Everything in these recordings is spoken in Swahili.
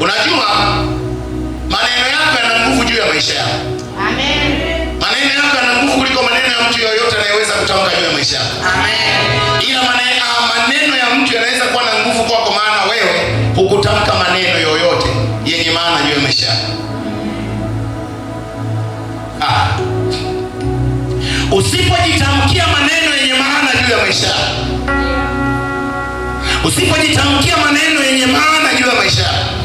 Unajua maneno yako yana nguvu juu ya maisha yako. Amen. Maneno yako yana nguvu kuliko maneno ya mtu yoyote anayeweza kutamka juu ya maisha yako. Amen. Ila maneno, ah, maneno ya mtu yanaweza kuwa na nguvu kwako, maana wewe hukutamka maneno yoyote yenye maana juu ya maisha yako. Ah. Usipojitamkia maneno yenye maana juu ya maisha yako. Usipojitamkia maneno yenye maana juu ya maisha yako.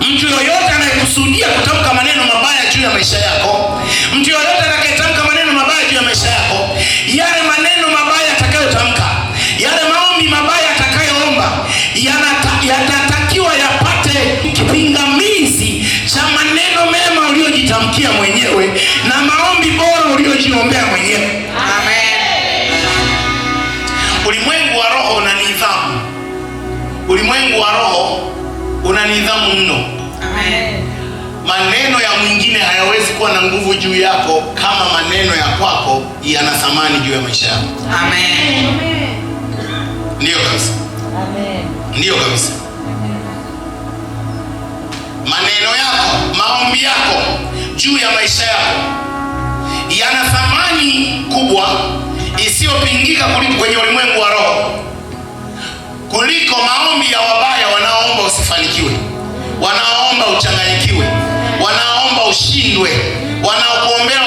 Mtu yoyote anayekusudia kutamka maneno mabaya juu ya maisha yako, mtu yoyote atakayetamka maneno mabaya juu ya maisha yako, yale maneno mabaya atakayotamka, yale maombi mabaya atakayoomba, yatatakiwa yapate kipingamizi cha maneno mema uliyojitamkia mwenyewe na maombi bora uliyojiombea mwenyewe. Amen. Ulimwengu wa roho na nidhamu, ulimwengu wa roho una nidhamu mno. Maneno ya mwingine hayawezi kuwa na nguvu juu yako kama maneno ya kwako yana thamani juu ya maisha yako. Amen. Ndiyo kabisa. Amen. Ndiyo kabisa. Maneno yako, maombi yako juu ya maisha yako yana thamani kubwa isiyopingika kuliko kwenye ulimwengu wa roho kuliko maombi ya wabaya wanao ufanikiwe, wanaomba uchanganyikiwe, wanaomba ushindwe, wanaokuombea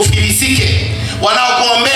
ufilisike, wanaokuombea